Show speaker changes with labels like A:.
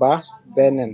A: ba benen